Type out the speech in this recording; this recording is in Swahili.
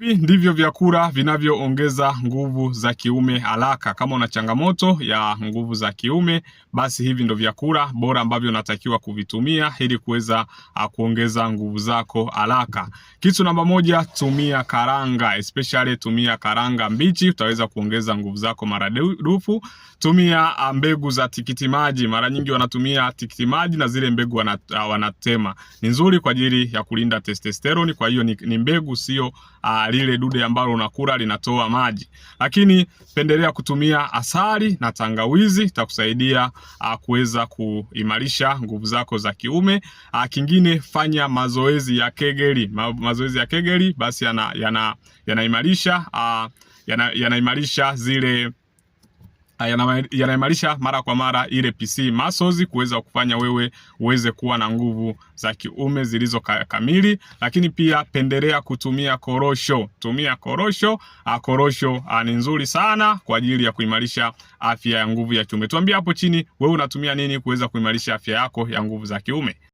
Hivi ndivyo vyakula vinavyoongeza nguvu za kiume haraka. Kama una changamoto ya nguvu za kiume, basi hivi ndo vyakula bora ambavyo unatakiwa kuvitumia ili kuweza ah, kuongeza nguvu zako haraka. Kitu namba moja, tumia karanga, especially tumia karanga mbichi, utaweza kuongeza nguvu zako maradufu. Tumia ah, mbegu za tikiti maji, mara nyingi wanatumia tikiti maji na zile mbegu ah, wanatema. Ni nzuri kwa ajili ya kulinda testosterone, kwa hiyo ni, ni mbegu sio lile dude ambalo unakula linatoa maji. Lakini pendelea kutumia asali na tangawizi, itakusaidia ah, kuweza kuimarisha nguvu zako za kiume. Ah, kingine, fanya mazoezi ya Kegeli. Mazoezi ya Kegeli basi yanaimarisha yana, yana yanaimarisha ah, yana zile Ah, yanaimarisha mara kwa mara ile PC muscles kuweza kufanya wewe uweze kuwa na nguvu za kiume zilizo kamili. Lakini pia pendelea kutumia korosho, tumia korosho. A, ah, korosho ah, ni nzuri sana kwa ajili ya kuimarisha afya ya nguvu ya kiume. Tuambie hapo chini wewe unatumia nini kuweza kuimarisha afya yako ya nguvu za kiume.